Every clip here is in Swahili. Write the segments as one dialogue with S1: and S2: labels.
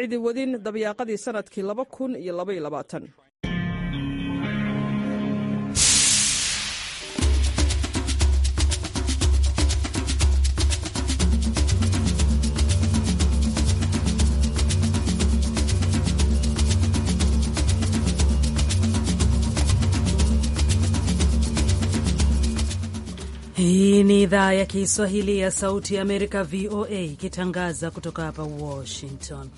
S1: cidi wadin dabyaaqadii sanadkii laba kun iyo laba iyo labaatan Hii ni idhaa ya Kiswahili ya Sauti ya Amerika, VOA, ikitangaza kutoka hapa Washington.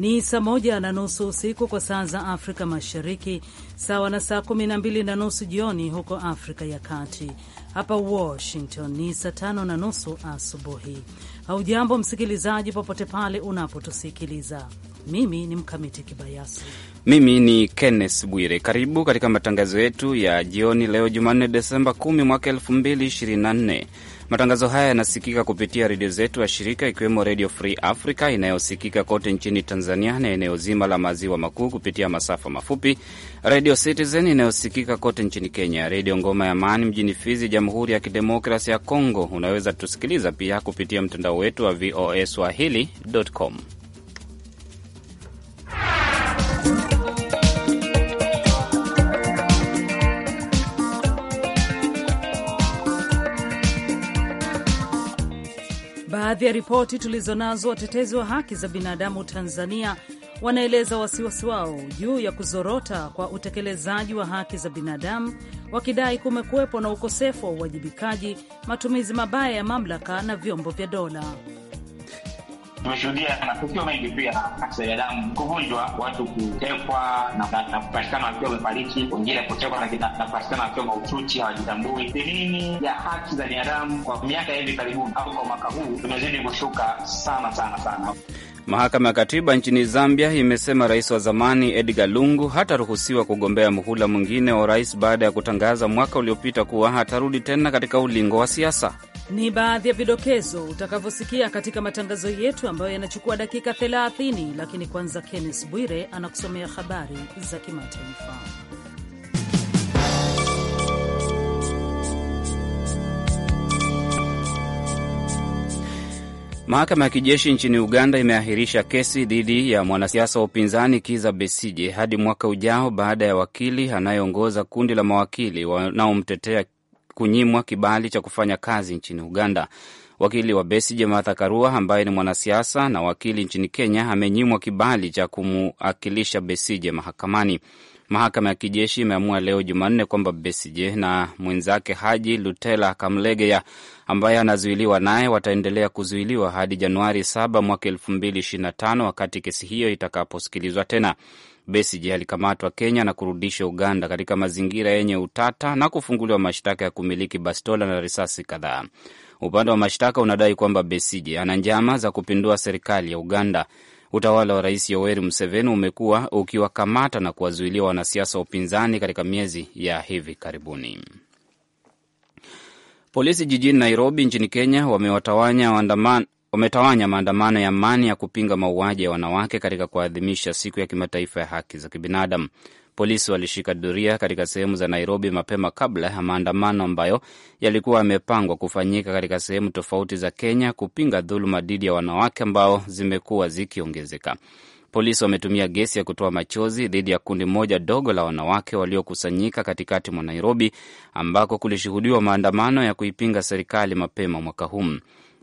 S1: Ni saa moja na nusu usiku kwa saa za Afrika Mashariki, sawa na saa kumi na mbili na nusu jioni huko Afrika ya Kati. Hapa Washington ni saa tano na nusu asubuhi. Haujambo msikilizaji, popote pale unapotusikiliza. Mimi ni Mkamiti Kibayasi.
S2: Mimi ni Kenneth Bwire. Karibu katika matangazo yetu ya jioni leo Jumanne, Desemba 10 mwaka 2024. Matangazo haya yanasikika kupitia redio zetu ya shirika ikiwemo Redio Free Africa inayosikika kote nchini Tanzania na eneo zima la maziwa makuu kupitia masafa mafupi, Redio Citizen inayosikika kote nchini Kenya, Redio Ngoma ya Amani mjini Fizi, Jamhuri ya Kidemokrasi ya congo Unaweza tusikiliza pia kupitia mtandao wetu wa VOA swahili.com.
S1: baadhi ya ripoti tulizonazo, watetezi wa haki za binadamu Tanzania wanaeleza wasiwasi wao juu ya kuzorota kwa utekelezaji wa haki za binadamu, wakidai kumekuwepo na ukosefu wa uwajibikaji, matumizi mabaya ya mamlaka na vyombo vya dola
S2: tumeshuhudia matukio mengi pia haki za binadamu kuvunjwa, watu kutekwa na kupatikana wakiwa wamefariki, wengine kutekwa na kupatikana wakiwa mahututi, hawajitambui. Thamini ya haki za binadamu kwa miaka ya hivi karibuni au kwa mwaka huu tumezidi kushuka sana sana sana. Mahakama ya Katiba nchini Zambia imesema rais wa zamani Edgar Lungu hataruhusiwa kugombea muhula mwingine wa rais baada ya kutangaza mwaka uliopita kuwa hatarudi tena katika ulingo wa siasa.
S1: Ni baadhi ya vidokezo utakavyosikia katika matangazo yetu ambayo yanachukua dakika 30, lakini kwanza, Kenneth Bwire anakusomea habari za kimataifa.
S2: Mahakama ya kijeshi nchini Uganda imeahirisha kesi dhidi ya mwanasiasa wa upinzani Kiza Besije hadi mwaka ujao baada ya wakili anayeongoza kundi la mawakili wanaomtetea kunyimwa kibali cha kufanya kazi nchini Uganda. Wakili wa Besigye Martha Karua ambaye ni mwanasiasa na wakili nchini Kenya amenyimwa kibali cha kumuakilisha Besigye mahakamani. Mahakama ya kijeshi imeamua leo Jumanne kwamba Besigye na mwenzake Haji Lutela Kamlegeya ambaye anazuiliwa naye wataendelea kuzuiliwa hadi Januari 7 mwaka 2025 wakati kesi hiyo itakaposikilizwa tena. Besigye alikamatwa Kenya na kurudishwa Uganda katika mazingira yenye utata na kufunguliwa mashtaka ya kumiliki bastola na risasi kadhaa. Upande wa mashtaka unadai kwamba Besigye ana njama za kupindua serikali ya Uganda. Utawala wa Rais Yoweri Museveni umekuwa ukiwakamata na kuwazuilia wanasiasa wa upinzani katika miezi ya hivi karibuni. Polisi jijini Nairobi nchini Kenya wamewatawanya waandamanaji umetawanya maandamano ya amani ya kupinga mauaji ya wanawake katika kuadhimisha siku ya kimataifa ya haki za kibinadamu. Polisi walishika doria katika sehemu za Nairobi mapema kabla ya maandamano ambayo yalikuwa yamepangwa kufanyika katika sehemu tofauti za Kenya kupinga dhuluma dhidi ya wanawake ambao zimekuwa zikiongezeka. Polisi wametumia gesi ya kutoa machozi dhidi ya kundi moja dogo la wanawake waliokusanyika katikati mwa Nairobi ambako kulishuhudiwa maandamano ya kuipinga serikali mapema mwaka huu.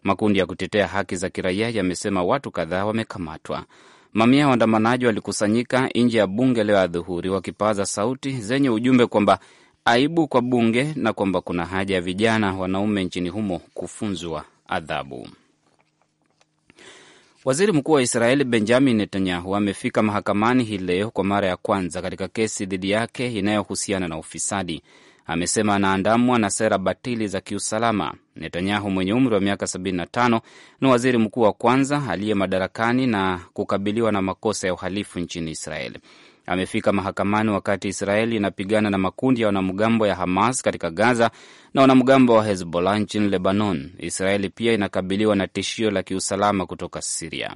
S2: Makundi ya kutetea haki za kiraia yamesema watu kadhaa wamekamatwa. Mamia ya waandamanaji walikusanyika nje ya bunge leo adhuhuri, wakipaza sauti zenye ujumbe kwamba aibu kwa bunge na kwamba kuna haja ya vijana wanaume nchini humo kufunzwa adhabu. Waziri mkuu wa Israeli Benjamin Netanyahu amefika mahakamani hii leo kwa mara ya kwanza katika kesi dhidi yake inayohusiana na ufisadi amesema anaandamwa na sera batili za kiusalama. Netanyahu mwenye umri wa miaka 75 ni waziri mkuu wa kwanza aliye madarakani na kukabiliwa na makosa ya uhalifu nchini israel Amefika mahakamani wakati Israeli inapigana na makundi ya wanamgambo ya Hamas katika Gaza na wanamgambo wa Hezbollah nchini Lebanon. Israeli pia inakabiliwa na tishio la kiusalama kutoka Siria.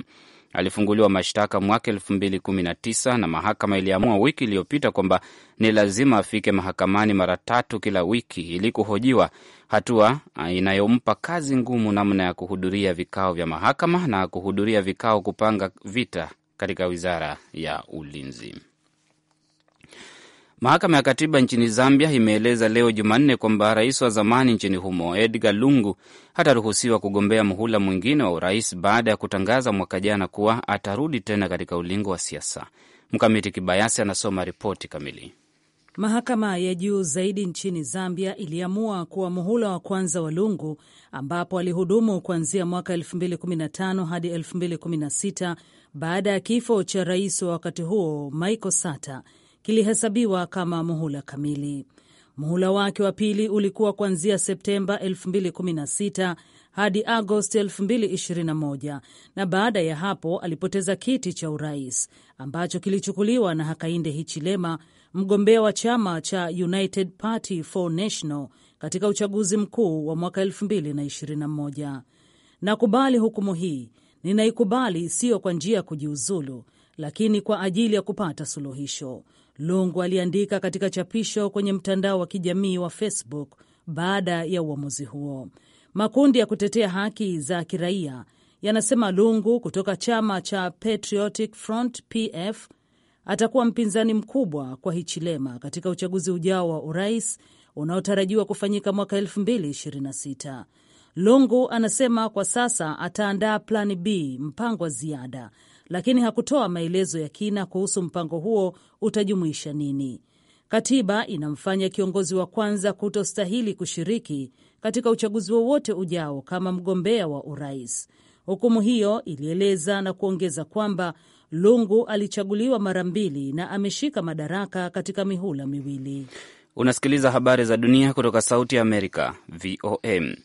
S2: Alifunguliwa mashtaka mwaka 2019 na mahakama iliamua wiki iliyopita kwamba ni lazima afike mahakamani mara tatu kila wiki ili kuhojiwa, hatua inayompa kazi ngumu namna ya kuhudhuria vikao vya mahakama na kuhudhuria vikao kupanga vita katika wizara ya ulinzi. Mahakama ya Katiba nchini Zambia imeeleza leo Jumanne kwamba rais wa zamani nchini humo Edgar Lungu hataruhusiwa kugombea muhula mwingine wa urais baada ya kutangaza mwaka jana kuwa atarudi tena katika ulingo wa siasa. Mkamiti Kibayasi anasoma ripoti kamili.
S1: Mahakama ya juu zaidi nchini Zambia iliamua kuwa muhula wa kwanza wa Lungu, ambapo alihudumu kuanzia mwaka 2015 hadi 2016 baada ya kifo cha rais wa wakati huo Michael Sata kilihesabiwa kama muhula kamili. Muhula wake wa pili ulikuwa kuanzia Septemba 2016 hadi Agosti 2021 na baada ya hapo alipoteza kiti cha urais ambacho kilichukuliwa na Hakainde Hichilema, mgombea wa chama cha United Party for National katika uchaguzi mkuu wa mwaka 2021. Nakubali hukumu hii, ninaikubali sio kwa njia ya kujiuzulu, lakini kwa ajili ya kupata suluhisho. Lungu aliandika katika chapisho kwenye mtandao wa kijamii wa Facebook baada ya uamuzi huo. Makundi ya kutetea haki za kiraia yanasema Lungu kutoka chama cha Patriotic Front PF atakuwa mpinzani mkubwa kwa Hichilema katika uchaguzi ujao wa urais unaotarajiwa kufanyika mwaka 2026. Lungu anasema kwa sasa ataandaa plani B, mpango wa ziada lakini hakutoa maelezo ya kina kuhusu mpango huo utajumuisha nini. Katiba inamfanya kiongozi wa kwanza kutostahili kushiriki katika uchaguzi wowote ujao kama mgombea wa urais. Hukumu hiyo ilieleza na kuongeza kwamba Lungu alichaguliwa mara mbili na ameshika madaraka katika mihula miwili.
S2: Unasikiliza habari za dunia kutoka Sauti ya Amerika, VOM.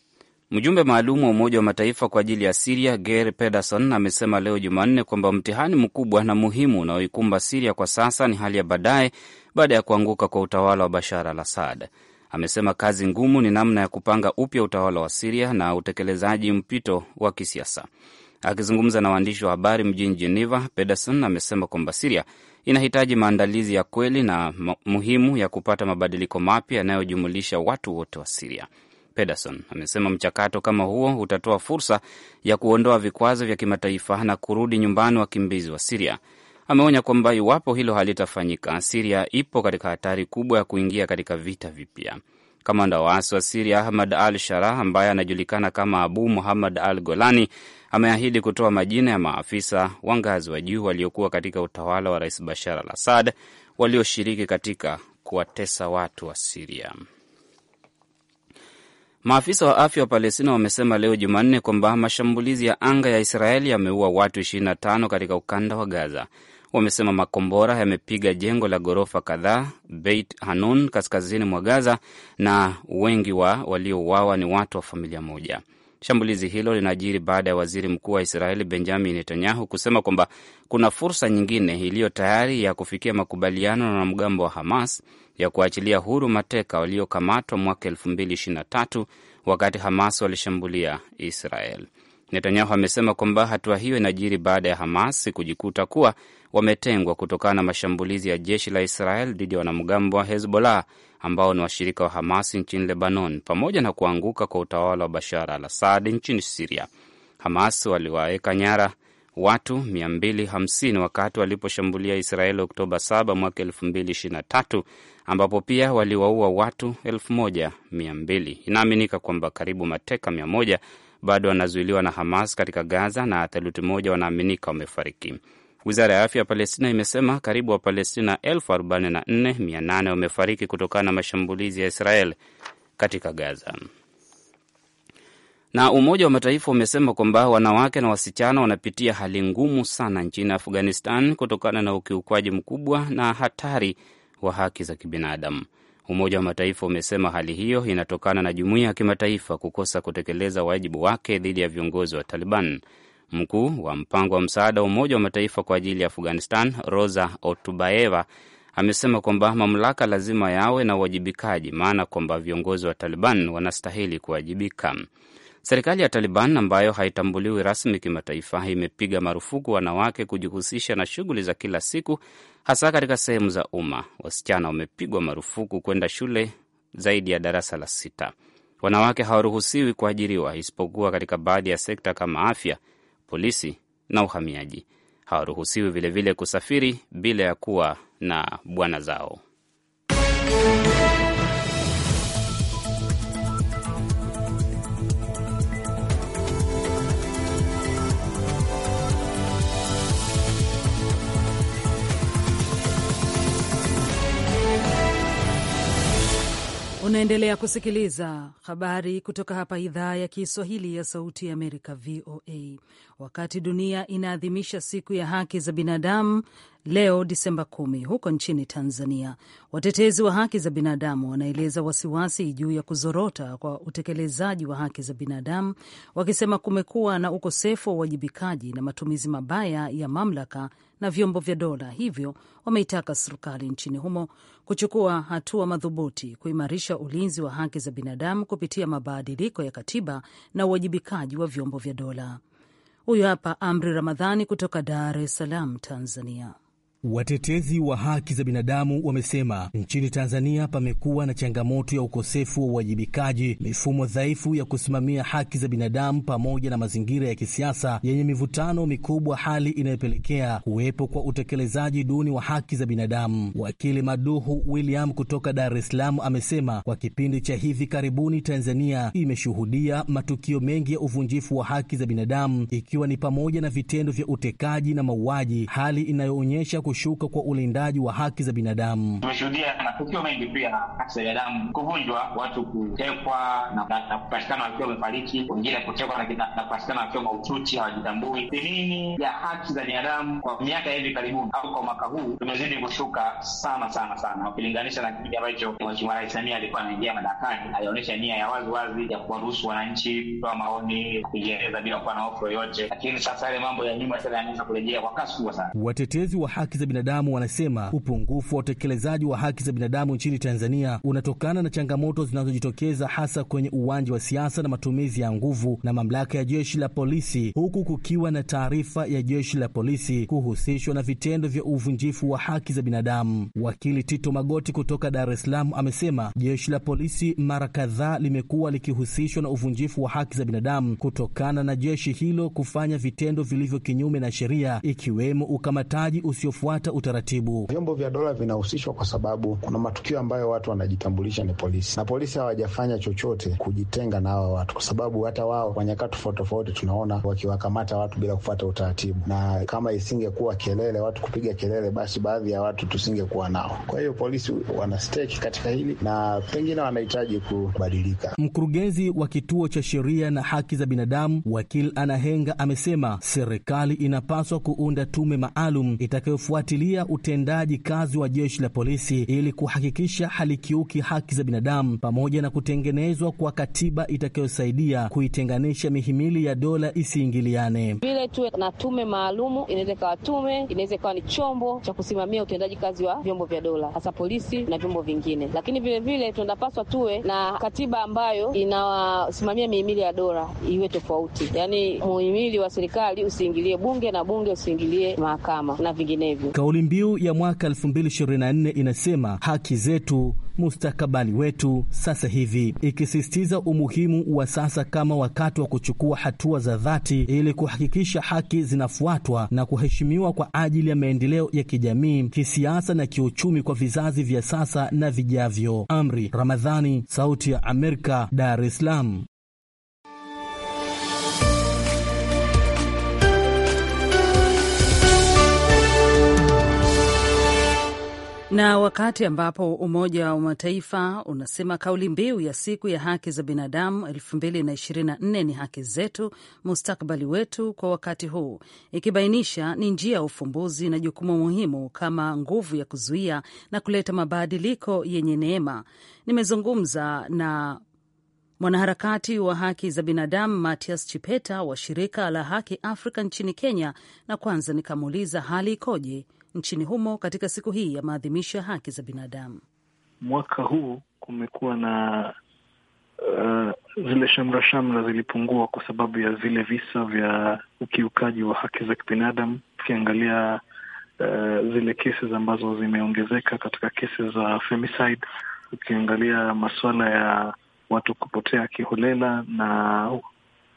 S2: Mjumbe maalum wa Umoja wa Mataifa kwa ajili ya Siria Geir Pedersen amesema leo Jumanne kwamba mtihani mkubwa na muhimu unaoikumba Siria kwa sasa ni hali ya baadaye baada ya kuanguka kwa utawala wa Bashar al Assad. Amesema kazi ngumu ni namna ya kupanga upya utawala wa Siria na utekelezaji mpito wa kisiasa. Akizungumza na waandishi wa habari mjini Geneva, Pedersen amesema kwamba Siria inahitaji maandalizi ya kweli na muhimu ya kupata mabadiliko mapya yanayojumulisha watu wote wa Siria. Pedersen amesema mchakato kama huo utatoa fursa ya kuondoa vikwazo vya kimataifa na kurudi nyumbani wakimbizi wa Siria. Ameonya kwamba iwapo hilo halitafanyika, Siria ipo katika hatari kubwa ya kuingia katika vita vipya. Kamanda wa waasi wa Siria Ahmad al Sharah, ambaye anajulikana kama Abu Muhammad al Golani, ameahidi kutoa majina ya maafisa wa ngazi wa juu waliokuwa katika utawala wa Rais Bashar al Assad walioshiriki katika kuwatesa watu wa Siria. Maafisa wa afya wa Palestina wamesema leo Jumanne kwamba mashambulizi ya anga ya Israeli yameua watu 25 katika ukanda wa Gaza. Wamesema makombora yamepiga jengo la ghorofa kadhaa Beit Hanun, kaskazini mwa Gaza, na wengi wa waliouawa ni watu wa familia moja. Shambulizi hilo linajiri baada ya waziri mkuu wa Israeli Benjamin Netanyahu kusema kwamba kuna fursa nyingine iliyo tayari ya kufikia makubaliano na wanamgambo wa Hamas ya kuachilia huru mateka waliokamatwa mwaka tatu wakati Hamas walishambulia Israel. Netanyahu amesema kwamba hatua hiyo inajiri baada ya Hamas kujikuta kuwa wametengwa kutokana na mashambulizi ya jeshi la Israel dhidi ya wanamgambo wa Hezbollah ambao ni washirika wa Hamas nchini Lebanon, pamoja na kuanguka kwa utawala wa Bashar al Assad nchini Siria. Hamas waliwaweka nyara watu 250 wakati waliposhambulia Israeli Oktoba 7 mwaka 2023, ambapo pia waliwaua watu 1200. Inaaminika kwamba karibu mateka 100 bado wanazuiliwa na Hamas katika Gaza na theluthi moja wanaaminika wamefariki. Wizara ya afya ya Palestina imesema karibu Wapalestina 44,800 wamefariki kutokana na mashambulizi ya Israel katika Gaza. Na Umoja wa Mataifa umesema kwamba wanawake na wasichana wanapitia hali ngumu sana nchini Afghanistan kutokana na ukiukwaji mkubwa na hatari wa haki za kibinadamu. Umoja wa Mataifa umesema hali hiyo inatokana na jumuiya ya kimataifa kukosa kutekeleza wajibu wake dhidi ya viongozi wa Taliban. Mkuu wa mpango wa msaada wa Umoja wa Mataifa kwa ajili ya Afghanistan, Rosa Otubaeva, amesema kwamba mamlaka lazima yawe na uwajibikaji, maana kwamba viongozi wa Taliban wanastahili kuwajibika. Serikali ya Taliban ambayo haitambuliwi rasmi kimataifa imepiga marufuku wanawake kujihusisha na shughuli za kila siku, hasa katika sehemu za umma. Wasichana wamepigwa marufuku kwenda shule zaidi ya darasa la sita. Wanawake hawaruhusiwi kuajiriwa isipokuwa katika baadhi ya sekta kama afya, polisi na uhamiaji. Hawaruhusiwi vilevile kusafiri bila ya kuwa na bwana zao.
S1: Unaendelea kusikiliza habari kutoka hapa idhaa ya Kiswahili ya Sauti ya Amerika, VOA. Wakati dunia inaadhimisha siku ya haki za binadamu leo Disemba kumi huko nchini Tanzania. Watetezi wa haki za binadamu wanaeleza wasiwasi juu ya kuzorota kwa utekelezaji wa haki za binadamu, wakisema kumekuwa na ukosefu wa uwajibikaji na matumizi mabaya ya mamlaka na vyombo vya dola. Hivyo wameitaka serikali nchini humo kuchukua hatua madhubuti kuimarisha ulinzi wa haki za binadamu kupitia mabadiliko ya katiba na uwajibikaji wa vyombo vya dola. Huyu hapa Amri Ramadhani kutoka Dar es Salaam, Tanzania.
S3: Watetezi wa haki za binadamu wamesema nchini Tanzania pamekuwa na changamoto ya ukosefu wa uwajibikaji, mifumo dhaifu ya kusimamia haki za binadamu, pamoja na mazingira ya kisiasa yenye mivutano mikubwa, hali inayopelekea kuwepo kwa utekelezaji duni wa haki za binadamu. Wakili Maduhu William kutoka Dar es Salaam amesema kwa kipindi cha hivi karibuni Tanzania imeshuhudia matukio mengi ya uvunjifu wa haki za binadamu, ikiwa ni pamoja na vitendo vya utekaji na mauaji, hali inayoonyesha kushuka kwa ulindaji wa haki za binadamu. Tumeshuhudia
S2: matukio mengi pia haki za binadamu kuvunjwa, watu kutekwa na kupatikana wakiwa wamefariki, wengine kutekwa na kupatikana wakiwa mahututi, hawajitambui. Thamini ya haki za binadamu kwa miaka ya hivi karibuni au kwa mwaka huu tumezidi kushuka sana sana sana, ukilinganisha na kipindi ambacho Mheshimiwa Rais Samia alikuwa anaingia madarakani. Alionyesha nia ya waziwazi ya kuwaruhusu wananchi kutoa maoni, kujieleza bila kuwa na hofu yoyote, lakini sasa yale mambo ya nyuma sana yanaweza kurejea kwa kasi kubwa sana.
S3: Watetezi wa haki haki za binadamu wanasema upungufu wa utekelezaji wa haki za binadamu nchini Tanzania unatokana na changamoto zinazojitokeza hasa kwenye uwanja wa siasa na matumizi ya nguvu na mamlaka ya jeshi la polisi, huku kukiwa na taarifa ya jeshi la polisi kuhusishwa na vitendo vya uvunjifu wa haki za binadamu. Wakili Tito Magoti kutoka Dar es Salaam amesema jeshi la polisi mara kadhaa limekuwa likihusishwa na uvunjifu wa haki za binadamu kutokana na jeshi hilo kufanya vitendo vilivyo kinyume na sheria, ikiwemo ukamataji usio kufuata utaratibu. Vyombo vya dola vinahusishwa kwa sababu kuna matukio ambayo watu wanajitambulisha ni polisi, na polisi hawajafanya chochote kujitenga na hawa watu, kwa sababu hata wao kwa nyakati tofauti tofauti tunaona wakiwakamata watu bila kufuata utaratibu, na kama isingekuwa kelele, watu kupiga kelele, basi baadhi ya watu tusingekuwa nao. Kwa hiyo polisi wana katika hili na
S4: pengine wanahitaji kubadilika.
S3: Mkurugenzi wa kituo cha sheria na haki za binadamu Wakil Anahenga amesema serikali inapaswa kuunda tume maalum itakayofuata kufuatilia utendaji kazi wa jeshi la polisi ili kuhakikisha halikiuki haki za binadamu pamoja na kutengenezwa kwa katiba itakayosaidia kuitenganisha mihimili ya dola isiingiliane.
S5: Vile tuwe na tume maalumu, inaweza ikawa tume, inaweza ikawa ni chombo cha kusimamia utendaji kazi wa vyombo vya dola, hasa polisi na vyombo vingine. Lakini vilevile tunapaswa tuwe na katiba ambayo inawasimamia mihimili ya dola iwe tofauti, yaani muhimili wa serikali usiingilie bunge na bunge usiingilie mahakama na vinginevyo.
S3: Kauli mbiu ya mwaka 2024 inasema haki zetu, mustakabali wetu, sasa hivi, ikisisitiza umuhimu wa sasa kama wakati wa kuchukua hatua za dhati ili kuhakikisha haki zinafuatwa na kuheshimiwa kwa ajili ya maendeleo ya kijamii, kisiasa na kiuchumi kwa vizazi vya sasa na vijavyo. Amri Ramadhani, Sauti ya Amerika, Dar es Salaam.
S1: Na wakati ambapo Umoja wa Mataifa unasema kauli mbiu ya siku ya haki za binadamu 2024 ni haki zetu, mustakabali wetu kwa wakati huu, ikibainisha ni njia ya ufumbuzi na jukumu muhimu kama nguvu ya kuzuia na kuleta mabadiliko yenye neema, nimezungumza na mwanaharakati wa haki za binadamu Matias Chipeta wa shirika la Haki Afrika nchini Kenya, na kwanza nikamuuliza hali ikoje nchini humo katika siku hii ya maadhimisho ya haki za binadamu.
S6: Mwaka huu kumekuwa na uh, zile shamra shamra zilipungua kwa sababu ya vile visa vya ukiukaji wa haki za kibinadamu. Tukiangalia uh, zile kesi ambazo zimeongezeka katika kesi za femicide, ukiangalia masuala ya watu kupotea kiholela na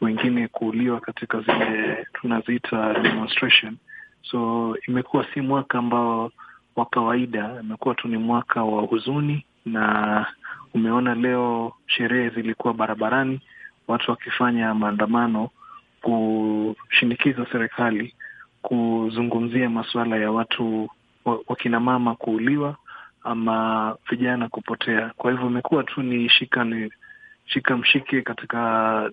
S6: wengine kuuliwa katika zile tunaziita demonstration So imekuwa si mwaka ambao wa kawaida, imekuwa tu ni mwaka wa huzuni, na umeona leo sherehe zilikuwa barabarani, watu wakifanya maandamano kushinikiza serikali kuzungumzia masuala ya watu wakinamama kuuliwa ama vijana kupotea. Kwa hivyo imekuwa tu ni shikani shika mshike katika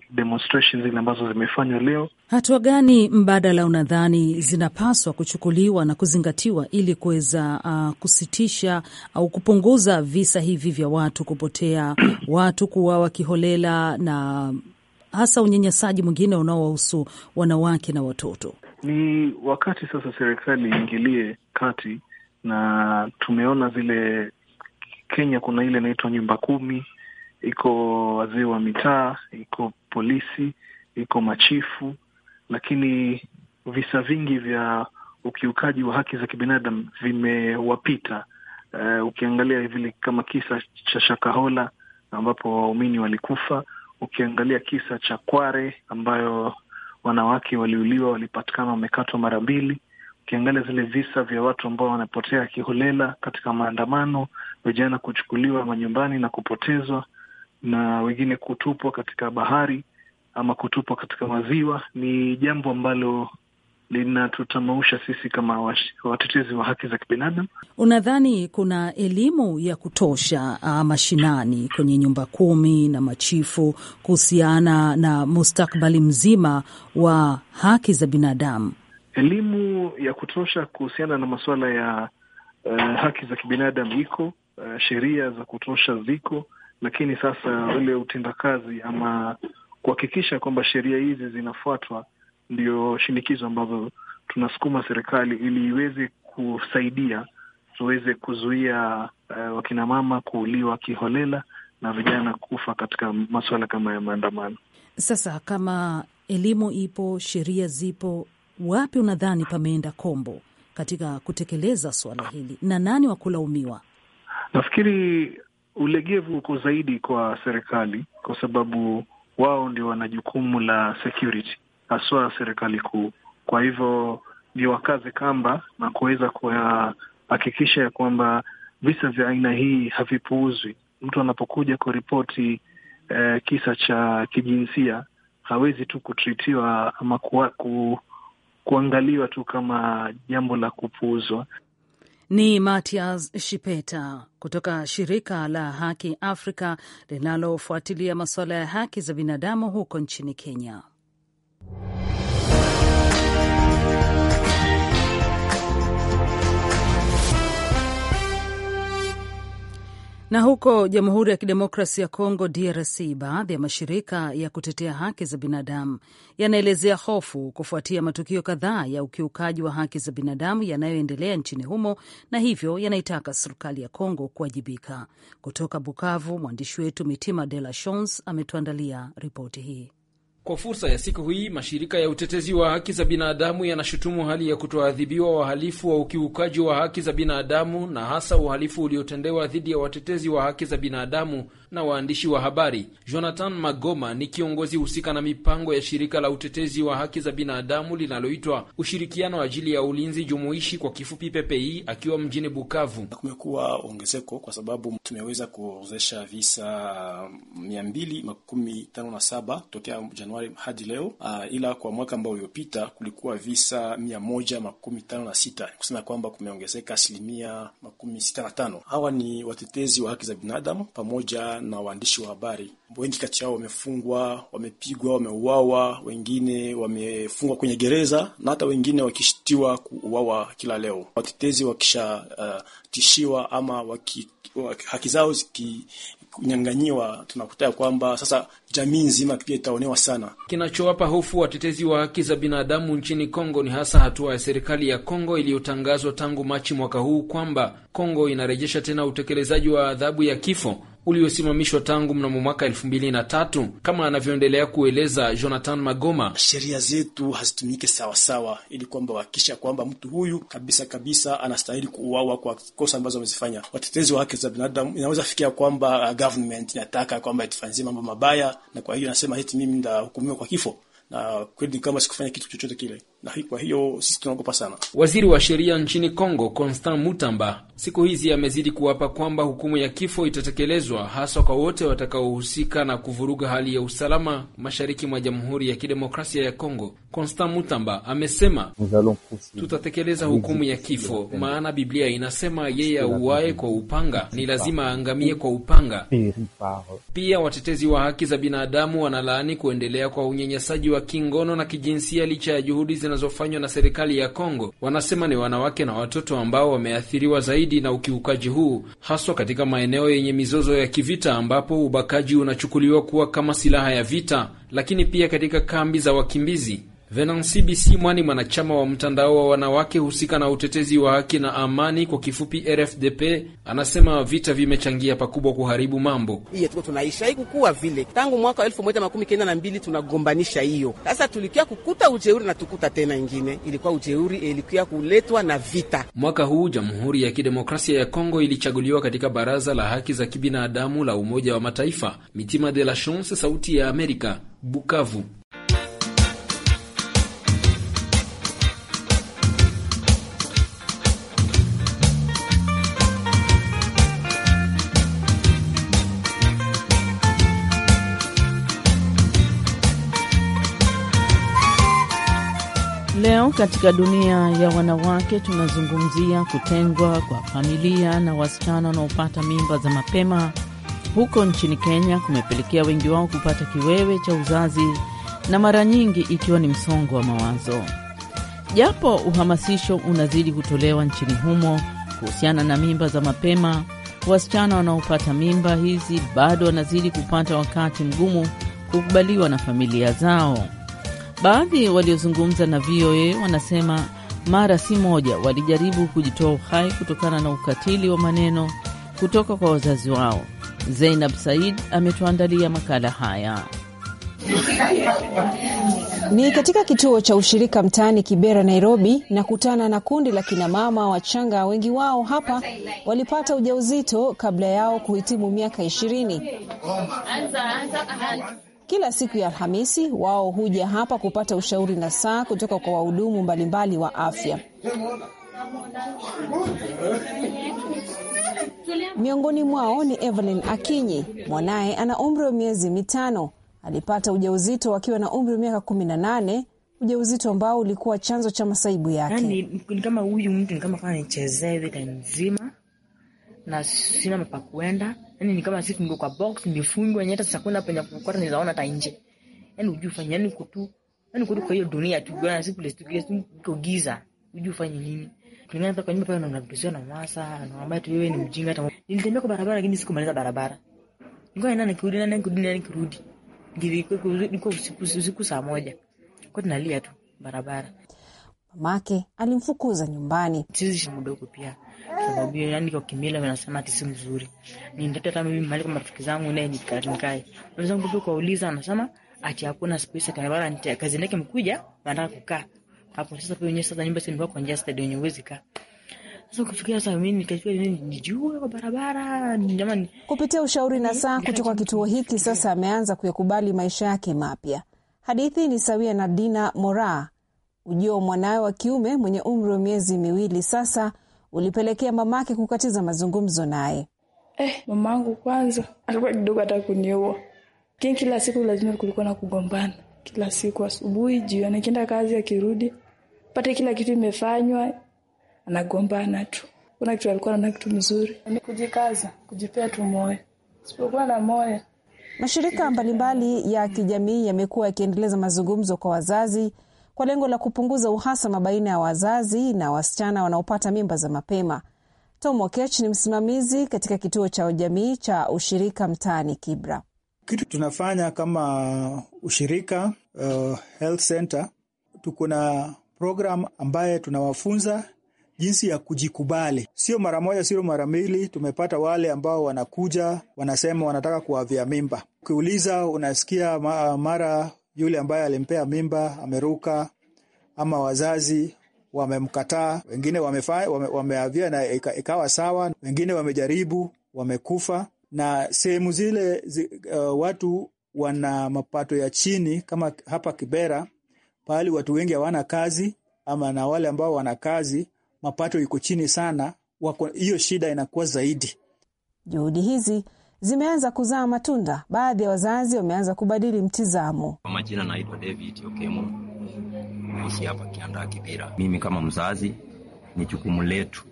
S6: zile ambazo zimefanywa leo.
S1: Hatua gani mbadala unadhani zinapaswa kuchukuliwa na kuzingatiwa ili kuweza uh, kusitisha au kupunguza visa hivi vya watu kupotea, watu kuuawa kiholela na hasa unyanyasaji mwingine unaowahusu wanawake na watoto?
S6: Ni wakati sasa serikali iingilie kati, na tumeona zile Kenya kuna ile inaitwa nyumba kumi iko wazee wa mitaa, iko polisi, iko machifu, lakini visa vingi vya ukiukaji wa haki za kibinadamu vimewapita. Uh, ukiangalia vile kama kisa cha Shakahola ambapo waumini walikufa, ukiangalia kisa cha Kware ambayo wanawake waliuliwa walipatikana wamekatwa mara mbili, ukiangalia zile visa vya watu ambao wanapotea kiholela katika maandamano, vijana kuchukuliwa manyumbani na kupotezwa, na wengine kutupwa katika bahari ama kutupwa katika maziwa, ni jambo ambalo linatutamausha sisi kama watetezi wa haki za kibinadamu.
S1: Unadhani kuna elimu ya kutosha ah, mashinani kwenye nyumba kumi na machifu kuhusiana na mustakbali mzima wa haki za binadamu?
S6: Elimu ya kutosha kuhusiana na masuala ya uh, haki za kibinadamu iko, uh, sheria za kutosha ziko, lakini sasa ule utendakazi ama kuhakikisha kwamba sheria hizi zinafuatwa ndio shinikizo ambavyo tunasukuma serikali ili iweze kusaidia tuweze kuzuia uh, eh, wakinamama kuuliwa kiholela na vijana kufa katika masuala kama ya maandamano.
S1: Sasa kama elimu ipo, sheria zipo, wapi unadhani pameenda kombo katika kutekeleza suala hili na nani wa kulaumiwa?
S6: Nafikiri ulegevu uko zaidi kwa serikali, kwa sababu wao ndio wana jukumu la security haswa serikali kuu. Kwa hivyo ni wakaze kamba na kuweza kuhakikisha ya kwamba visa vya aina hii havipuuzwi. Mtu anapokuja kuripoti eh, kisa cha kijinsia hawezi tu kutritiwa ama kuwa, ku, kuangaliwa tu kama jambo la kupuuzwa.
S1: Ni Matias Shipeta kutoka shirika la Haki Afrika linalofuatilia masuala ya haki za binadamu huko nchini Kenya. Na huko Jamhuri ya Kidemokrasi ya Kongo, DRC, baadhi ya mashirika ya kutetea haki za binadamu yanaelezea hofu kufuatia matukio kadhaa ya ukiukaji wa haki za binadamu yanayoendelea nchini humo, na hivyo yanaitaka serikali ya Kongo kuwajibika. Kutoka Bukavu, mwandishi wetu Mitima De La shans ametuandalia ripoti hii.
S7: Kwa fursa ya siku hii, mashirika ya utetezi wa haki za binadamu yanashutumu hali ya kutoadhibiwa wahalifu wa ukiukaji wa haki za binadamu na hasa uhalifu uliotendewa dhidi ya watetezi wa haki za binadamu na waandishi wa habari. Jonathan Magoma ni kiongozi husika na mipango ya shirika la utetezi wa haki za binadamu linaloitwa Ushirikiano Ajili ya Ulinzi Jumuishi, kwa kifupi PPI,
S4: e, akiwa mjini Bukavu. Kumekuwa ongezeko kwa sababu tumeweza kuozesha visa mia mbili makumi tano na saba tokea Januari Januari hadi leo uh, ila kwa mwaka ambao uliopita kulikuwa visa mia moja makumi tano na sita kusema kwamba kumeongezeka asilimia makumi sita na tano. Hawa ni watetezi wa haki za binadamu pamoja na waandishi wa habari. Wengi kati yao wamefungwa, wamepigwa, wameuawa, wengine wamefungwa kwenye gereza na hata wengine wakishtiwa kuuawa kila leo. Watetezi wakishatishiwa uh, ama waki, haki zao ziki kunyang'anyiwa, tunakuta kwamba sasa jamii nzima pia itaonewa sana. Kinachowapa hofu
S7: watetezi wa haki za binadamu nchini Kongo ni hasa hatua ya serikali ya Kongo iliyotangazwa tangu Machi mwaka huu kwamba Kongo inarejesha tena utekelezaji wa adhabu ya kifo uliosimamishwa tangu mnamo mwaka elfu mbili na tatu, kama anavyoendelea kueleza Jonathan Magoma.
S4: Sheria zetu hazitumike sawasawa, ili kwamba wahakikisha kwamba mtu huyu kabisa kabisa anastahili kuuawa kwa kosa ambazo amezifanya. Watetezi wa haki za binadamu inaweza fikia kwamba government inataka kwamba itufanyizie mambo mabaya, na kwa hiyo anasema heti mimi ndahukumiwa kwa kifo, na kweli kama sikufanya kitu chochote kile na kwa hiyo sisi tunaogopa sana. Waziri wa
S7: sheria nchini Kongo, Constant Mutamba, siku hizi amezidi kuwapa kwamba hukumu ya kifo itatekelezwa haswa kwa wote watakaohusika na kuvuruga hali ya usalama mashariki mwa Jamhuri ya Kidemokrasia ya Kongo. Constant Mutamba amesema, tutatekeleza hukumu ya kifo, maana Biblia inasema yeye auaye kwa upanga ni lazima aangamie kwa upanga. Pia watetezi wa haki za binadamu wanalaani kuendelea kwa unyanyasaji wa kingono na kijinsia licha ya juhudi zinazofanywa na serikali ya Kongo, wanasema ni wanawake na watoto ambao wameathiriwa zaidi na ukiukaji huu, haswa katika maeneo yenye mizozo ya kivita ambapo ubakaji unachukuliwa kuwa kama silaha ya vita, lakini pia katika kambi za wakimbizi venancy Bisimwa ni mwanachama wa mtandao wa wanawake husika na utetezi wa haki na amani, kwa kifupi RFDP, anasema vita vimechangia pakubwa kuharibu mambo.
S3: iye tuko tunaisha hii kukuwa vile tangu mwaka wa mbili tunagombanisha hiyo. Sasa tulikia kukuta ujeuri na tukuta tena ingine, ilikuwa ujeuri ilikuwa kuletwa na vita. Mwaka huu
S7: Jamhuri ya Kidemokrasia ya Kongo ilichaguliwa katika Baraza la Haki za Kibinadamu la Umoja wa Mataifa. Mitima de la Chance, Sauti ya Amerika, Bukavu.
S5: Leo katika dunia ya wanawake tunazungumzia kutengwa kwa familia na wasichana wanaopata mimba za mapema. Huko nchini Kenya kumepelekea wengi wao kupata kiwewe cha uzazi na mara nyingi ikiwa ni msongo wa mawazo. Japo uhamasisho unazidi kutolewa nchini humo kuhusiana na mimba za mapema, wasichana wanaopata mimba hizi bado wanazidi kupata wakati mgumu kukubaliwa na familia zao. Baadhi waliozungumza na VOA wanasema mara si moja walijaribu kujitoa uhai kutokana na ukatili wa maneno kutoka kwa wazazi wao. zeinab Said ametuandalia makala haya.
S8: Ni katika kituo cha ushirika mtaani Kibera, Nairobi, na kutana na kundi la kinamama wachanga. Wengi wao hapa walipata ujauzito kabla yao kuhitimu miaka ishirini. Kila siku ya Alhamisi wao huja hapa kupata ushauri na saa kutoka kwa wahudumu mbalimbali wa afya. Miongoni mwao ni Evelyn Akinyi, mwanaye ana umri wa miezi mitano. Alipata ujauzito akiwa na umri wa miaka kumi na nane, ujauzito ambao ulikuwa chanzo cha masaibu yake.
S9: Yaani, ni kama huyu mtu ni kama nichezewe nzima na sina mapakuenda yani ni kama siku kwa box nimefungwa, yani hata sitakwenda penye kukwata, nizaona hata nje, yani ujui fanya yani kutu yani kutu kwa hiyo dunia tu bwana, siku ile siku ile siku giza, ujui fanya nini. Tunaanza kwa nyumba pale, na mnatusia na masa na mama tu wewe ni mjinga. Hata nilitembea kwa barabara, lakini sikumaliza barabara, Ngoja nani nikirudi nani nikirudi nani kurudi, nikirudi, kwa usiku usiku saa moja, kwa tunalia tu barabara Mamake alimfukuza nyumbani. Sisi mdogo pia sababu yani, kwa kimila wanasema ati si mzuri, ni ndoto. Hata mimi mali kwa marafiki zangu naye nikaringai wenzangu ndio kauliza, anasema ati hakuna space kana bara, kazi yake mkuja nataka kukaa hapo. Sasa pia wenyewe sasa nyumba sio congested, wenyewe huwezi kaa sasa kufikia sasa, mimi nikafikiria nini, nijue kwa barabara ni jamani. Kupitia ushauri na saa kutoka
S8: kituo hiki, sasa ameanza kuyakubali maisha yake mapya. Hadithi ni sawia na Dina Moraa Ujio wa mwanawe wa kiume mwenye umri wa miezi miwili sasa ulipelekea mamake kukatiza mazungumzo naye. Eh, mamangu kwanza alikuwa kidogo hata kuniua, lakini kila siku lazima kulikuwa na kugombana kila siku, asubuhi, jioni, akienda kazi, akirudi, pate kila kitu imefanywa, anagombana tu. Kuna kitu alikuwa naona kitu mzuri, ni kujikaza, kujipea tu moyo, sipokuwa na moyo. Mashirika mbalimbali ya kijamii yamekuwa yakiendeleza mazungumzo kwa wazazi kwa lengo la kupunguza uhasama baina ya wazazi na wasichana wanaopata mimba za mapema. Tom Okech ni msimamizi katika kituo cha jamii cha ushirika mtaani
S6: Kibra. Kitu tunafanya kama ushirika uh, health center, tuko na program ambaye tunawafunza jinsi ya kujikubali. Sio mara moja, sio mara mbili. Tumepata wale ambao wanakuja wanasema wanataka kuavya mimba, ukiuliza unasikia mara yule ambaye alimpea mimba ameruka, ama wazazi wamemkataa, wengine wameavia wame na ikawa sawa, wengine wamejaribu wamekufa. Na sehemu zile zi, uh, watu wana mapato ya chini kama hapa Kibera, pahali watu wengi hawana kazi ama na wale ambao wana kazi mapato iko chini sana, hiyo shida inakuwa zaidi. Juhudi hizi
S8: zimeanza kuzaa matunda. Baadhi ya wazazi wameanza kubadili mtizamo.
S3: Kwa majina naitwa David Okemo,
S2: naishi hapa Kiandaa Kibira. Mimi kama mzazi, ni jukumu letu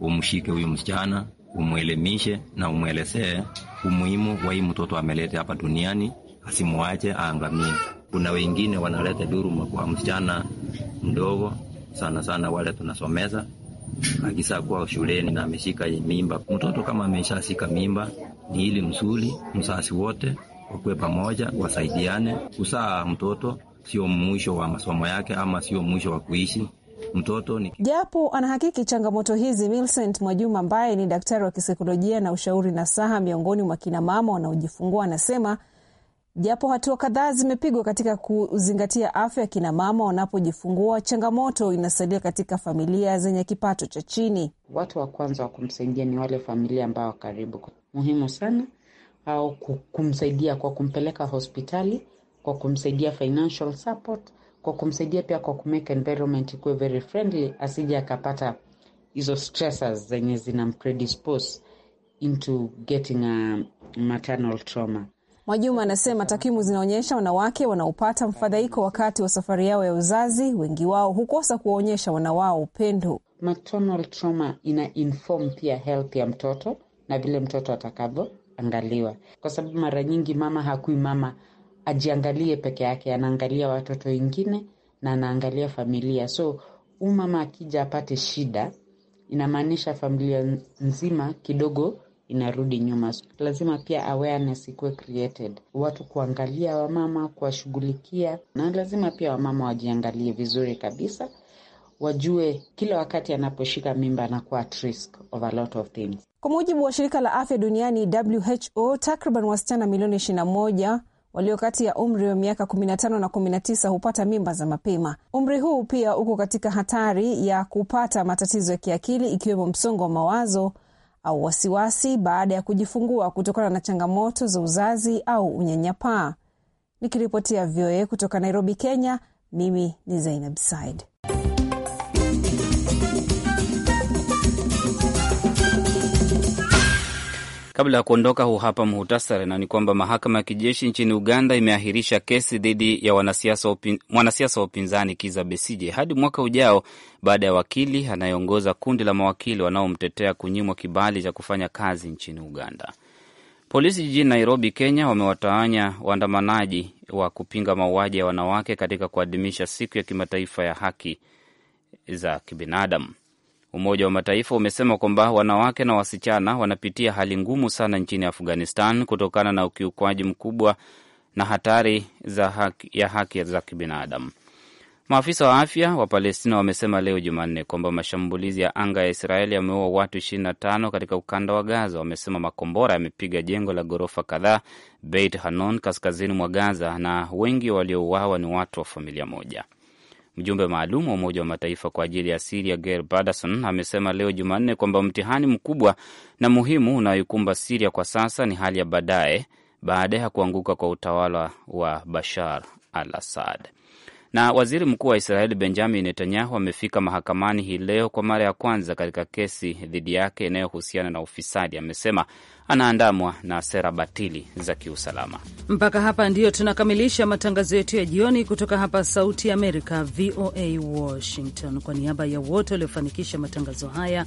S2: umshike huyu msichana, umwelemishe na umwelezee umuhimu wa hii mtoto amelete hapa duniani, asimwache aangamie. Kuna wengine wanaleta dhuruma kwa msichana mdogo, sana sana wale tunasomeza akisa kuwa shuleni na ameshika mimba. Mtoto kama ameshashika mimba ni ili mzuri, msasi wote wakuwe pamoja, wasaidiane. Kusaa mtoto sio mwisho wa masomo yake ama sio mwisho wa kuishi mtoto ni...
S8: Japo anahakiki changamoto hizi, Milcent Mwajuma ambaye ni daktari wa kisaikolojia na ushauri na saha miongoni mwa kinamama wanaojifungua anasema Japo hatua kadhaa zimepigwa katika kuzingatia afya ya kinamama wanapojifungua, changamoto inasalia katika familia zenye kipato cha chini.
S5: Watu wa kwanza wa kumsaidia ni wale familia ambao karibu, muhimu sana au kumsaidia kwa kumpeleka hospitali, kwa kumsaidia financial support, kwa kumsaidia pia kwa kumake environment ikuwe very friendly, asije akapata hizo stressors zenye zina into getting a maternal trauma.
S8: Mwajuma anasema takwimu zinaonyesha wanawake wanaopata mfadhaiko wakati wa safari yao ya uzazi, wengi wao hukosa kuwaonyesha wanawao upendo. Maternal
S5: trauma ina inform pia health ya mtoto na vile mtoto atakavyoangaliwa, kwa sababu mara nyingi mama hakui mama ajiangalie peke yake, anaangalia watoto wengine na anaangalia familia. So huu mama akija apate shida, inamaanisha familia nzima kidogo inarudi nyuma. Lazima pia awareness ikuwe created, watu kuangalia wamama, kuwashughulikia, na lazima pia wamama wajiangalie vizuri kabisa, wajue kila wakati anaposhika mimba anakuwa at risk of a lot of things.
S8: Kwa mujibu wa shirika la afya duniani WHO, takriban wasichana milioni 21 walio kati ya umri wa miaka 15 na 19 hupata mimba za mapema. Umri huu pia uko katika hatari ya kupata matatizo ya kiakili ikiwemo msongo wa mawazo au wasiwasi baada ya kujifungua kutokana na changamoto za uzazi au unyanyapaa. Nikiripotia VOA kutoka Nairobi, Kenya, mimi ni Zainab Said.
S2: Kabla ya kuondoka, hu hapa muhutasari, na ni kwamba mahakama ya kijeshi nchini Uganda imeahirisha kesi dhidi ya mwanasiasa wa upinzani Kiza Besije hadi mwaka ujao baada ya wakili anayeongoza kundi la mawakili wanaomtetea kunyimwa kibali cha kufanya kazi nchini Uganda. Polisi jijini Nairobi, Kenya, wamewatawanya waandamanaji wa kupinga mauaji ya wanawake katika kuadhimisha siku ya kimataifa ya haki za kibinadamu. Umoja wa Mataifa umesema kwamba wanawake na wasichana wanapitia hali ngumu sana nchini Afghanistan kutokana na ukiukwaji mkubwa na hatari za haki, ya haki za kibinadamu. Maafisa wa afya wa Palestina wamesema leo Jumanne kwamba mashambulizi ya anga ya Israeli yameua watu 25 katika ukanda wa Gaza. Wamesema makombora yamepiga jengo la ghorofa kadhaa Beit Hanon, kaskazini mwa Gaza, na wengi waliouawa ni watu wa familia moja. Mjumbe maalum wa Umoja wa Mataifa kwa ajili ya Siria Geir baderson amesema leo Jumanne kwamba mtihani mkubwa na muhimu unayoikumba Siria kwa sasa ni hali ya baadaye baada ya kuanguka kwa utawala wa Bashar al Assad. Na waziri mkuu wa Israeli Benjamin Netanyahu amefika mahakamani hii leo kwa mara ya kwanza katika kesi dhidi yake inayohusiana na ufisadi. Amesema anaandamwa na sera batili za kiusalama.
S1: Mpaka hapa ndiyo tunakamilisha matangazo yetu ya jioni kutoka hapa Sauti ya Amerika, VOA Washington. Kwa niaba ya wote waliofanikisha matangazo haya,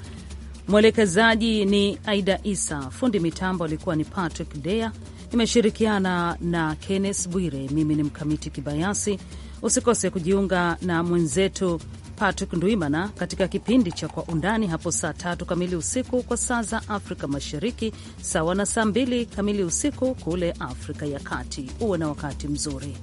S1: mwelekezaji ni Aida Isa, fundi mitambo alikuwa ni Patrick Dea, nimeshirikiana na Kenneth Bwire, mimi ni Mkamiti Kibayasi. Usikose kujiunga na mwenzetu Patrick Ndwimana katika kipindi cha Kwa Undani hapo saa tatu kamili usiku kwa saa za Afrika Mashariki, sawa na saa mbili kamili usiku kule Afrika ya Kati. Uwe na wakati mzuri.